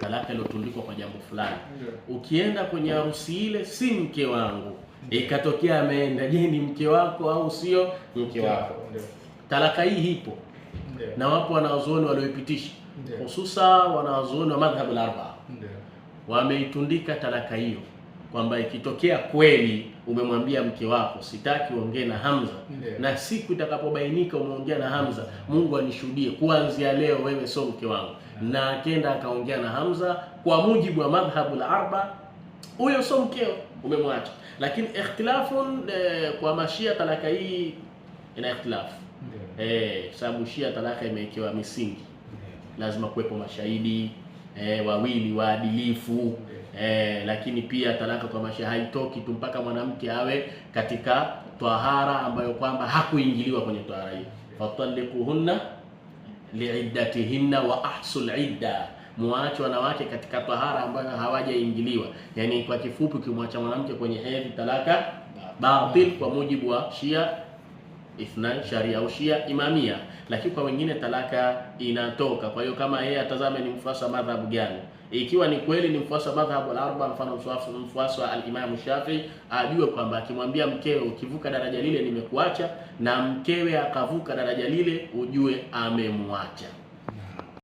talaka iliyotundikwa kwa jambo fulani. Ukienda kwenye harusi ile, si mke wangu, ikatokea ameenda, je, ni mke wako au sio mke wako? Talaka hii ipo na wapo wanawazuoni walioipitisha, hususa wanawazuoni wa madhhabu al-arbaa wameitundika talaka hiyo kwamba ikitokea kweli umemwambia mke wako sitaki uongee na Hamza yeah. na siku itakapobainika umeongea na Hamza, Mungu anishuhudie, kuanzia leo wewe sio mke wangu. Na akenda akaongea na Hamza kwa mujibu wa madhhabu la arba, huyo sio mkeo, umemwacha. Lakini ikhtilafun eh, kwa mashia talaka hii ina ikhtilafu eh, sababu shia talaka imewekewa misingi, lazima kuwepo mashahidi eh, wawili waadilifu yeah eh, lakini pia talaka kwa mashia haitoki tu mpaka mwanamke awe katika tahara ambayo kwamba hakuingiliwa kwenye tahara hiyo. Fatalikuhunna liiddatihinna wa ahsul idda Muache wanawake katika tahara ambayo hawajaingiliwa. yani kwa kifupi, ukimwacha mwanamke kwenye hedhi, talaka batil kwa mujibu wa Shia ithnan shari au shia imamia, lakini kwa wengine talaka inatoka. Kwa hiyo kama yeye atazame ni mfuasi wa madhhabu gani, ikiwa ni kweli ni mfuasi wa madhhabu al-arba, mfano mfuasi wa al-Imam Shafi, ajue kwamba akimwambia mkewe ukivuka daraja lile nimekuacha, na mkewe akavuka daraja lile, ujue amemwacha.